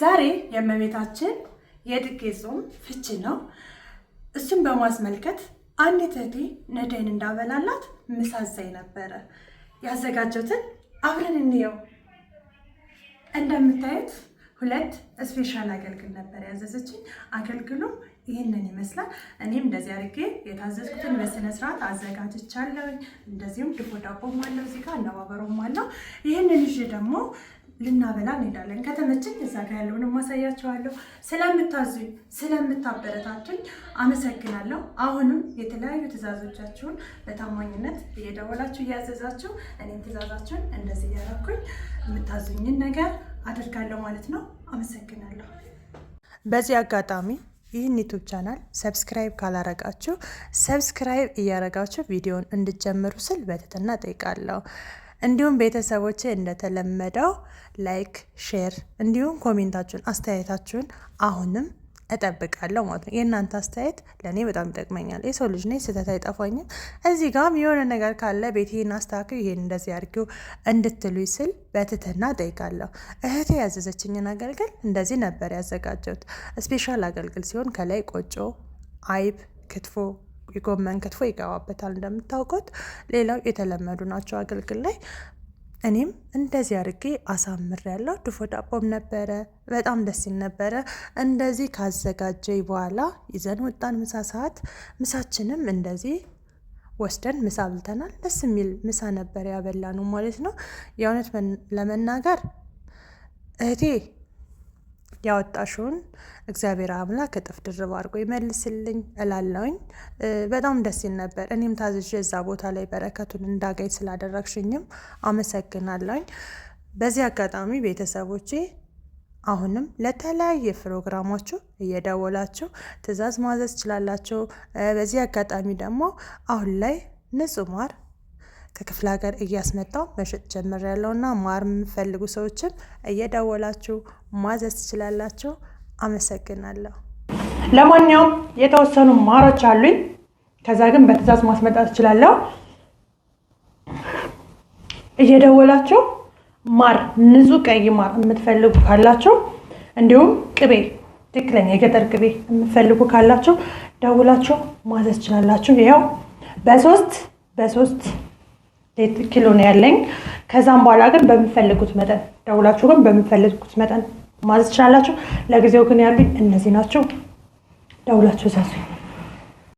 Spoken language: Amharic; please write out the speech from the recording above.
ዛሬ የእመቤታችን የድጌ ጾም ፍቺ ነው። እሱን በማስመልከት አንዲት እህቴ ነዳይን እንዳበላላት ምሳዛኝ ነበረ። ያዘጋጀሁትን አብረን እንየው። እንደምታዩት ሁለት ስፔሻል አገልግል ነበር ያዘዘችኝ። አገልግሉ ይህንን ይመስላል። እኔም እንደዚህ አድርጌ የታዘዝኩትን በስነ ስርዓት አዘጋጅቻለሁ። እንደዚሁም ድፎ ዳቦም አለው እዚህ ጋር አነባበሮም አለው። ይህንን ይዤ ደግሞ ልናበላ እንሄዳለን። ከተመቸኝ እዛ ጋር ያለውን ማሳያቸዋለሁ። ስለምታዙኝ ስለምታበረታቱኝ አመሰግናለሁ። አሁንም የተለያዩ ትእዛዞቻችሁን በታማኝነት እየደወላችሁ እያዘዛችሁ እኔም ትእዛዛችሁን እንደዚህ እያረኩኝ የምታዙኝን ነገር አድርጋለሁ ማለት ነው። አመሰግናለሁ። በዚህ አጋጣሚ ይህን ዩቱብ ቻናል ሰብስክራይብ ካላረጋችሁ ሰብስክራይብ እያረጋችሁ ቪዲዮን እንድጀምሩ ስል በትህትና ጠይቃለሁ። እንዲሁም ቤተሰቦች እንደተለመደው ላይክ፣ ሼር እንዲሁም ኮሜንታችሁን አስተያየታችሁን አሁንም እጠብቃለሁ ማለት ነው። የእናንተ አስተያየት ለእኔ በጣም ይጠቅመኛል። የሰው ልጅ ነኝ፣ ስህተት አይጠፋኝም። እዚህ ጋም የሆነ ነገር ካለ ይህን አስተካክል፣ ይሄን እንደዚህ አድርጊው እንድትሉ ስል በትህትና ጠይቃለሁ። እህቴ ያዘዘችኝን አገልግል እንደዚህ ነበር ያዘጋጀሁት። ስፔሻል አገልግል ሲሆን ከላይ ቆጮ፣ አይብ፣ ክትፎ የጎመን ክትፎ ይገባበታል። እንደምታውቁት ሌላው የተለመዱ ናቸው አገልግል ላይ እኔም እንደዚህ አድርጌ አሳምር ያለው ድፎ ዳቦም ነበረ። በጣም ደስ ይል ነበረ። እንደዚህ ካዘጋጀ በኋላ ይዘን ወጣን። ምሳ ሰዓት ምሳችንም እንደዚህ ወስደን ምሳ ብልተናል። ደስ የሚል ምሳ ነበር ነው ማለት ነው። የእውነት ለመናገር እህቴ ያወጣሽውን እግዚአብሔር አምላክ እጥፍ ድርብ አድርጎ ይመልስልኝ እላለውኝ። በጣም ደስ ይል ነበር። እኔም ታዝዤ እዛ ቦታ ላይ በረከቱን እንዳገኝ ስላደረግሽኝም አመሰግናለውኝ። በዚህ አጋጣሚ ቤተሰቦቼ አሁንም ለተለያየ ፕሮግራማችሁ እየደወላችሁ ትእዛዝ ማዘዝ ትችላላችሁ። በዚህ አጋጣሚ ደግሞ አሁን ላይ ንጹህ ማር ከክፍለ ሀገር እያስመጣው መሸጥ ጀምር እና ማር የምፈልጉ ሰዎችም እየደወላችሁ ማዘዝ ትችላላችሁ። አመሰግናለሁ። ለማንኛውም የተወሰኑ ማሮች አሉኝ። ከዛ ግን በትዛዝ ማስመጣት እችላለሁ። እየደወላችሁ ማር፣ ንጹህ ቀይ ማር የምትፈልጉ ካላችሁ እንዲሁም ቅቤ፣ ትክክለኛ የገጠር ቅቤ የምትፈልጉ ካላችሁ ደውላችሁ ማዘዝ ትችላላችሁ። ይኸው በሶስት በሶስት ኪሎ ነው ያለኝ። ከዛም በኋላ ግን በሚፈልጉት መጠን ደውላችሁ ግን በሚፈልጉት መጠን ማዘዝ ትችላላችሁ። ለጊዜው ግን ያሉኝ እነዚህ ናቸው። ደውላችሁ እዘዙኝ።